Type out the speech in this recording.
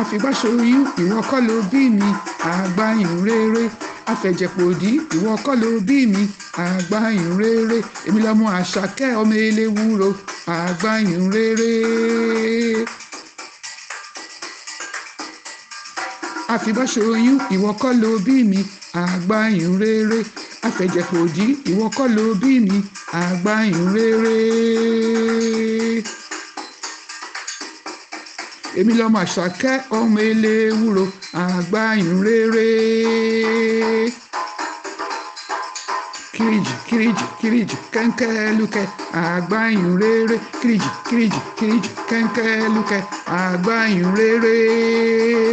àfìgbáṣorú ìwọ kọ́ ló bí mi àgbà ìhùnrere afẹ̀jẹ̀pòdì ìwọ kọ́ ló bí mi àgbà ìhùnrere èmi lọ́mọ àṣàkẹ́ ọmọ eléwúro àgbà ìhùnrere. àfìbáṣoyún ìwọ kọ́ ló bí mi àgbà ìhùnrere afẹ̀jẹ̀pòdì ìwọ kọ́ ló bí mi àgbà ìhùnrere. èmi lọ́mọ àṣàkẹ́ ọmọ eléwúro àgbáyùn rere kiriji kiriji kiriji kẹ́ńkẹ́lúkẹ́ àgbáyùn rere kiriji kiriji kiriji kẹ́ńkẹ́lúkẹ́ àgbáyùn rere.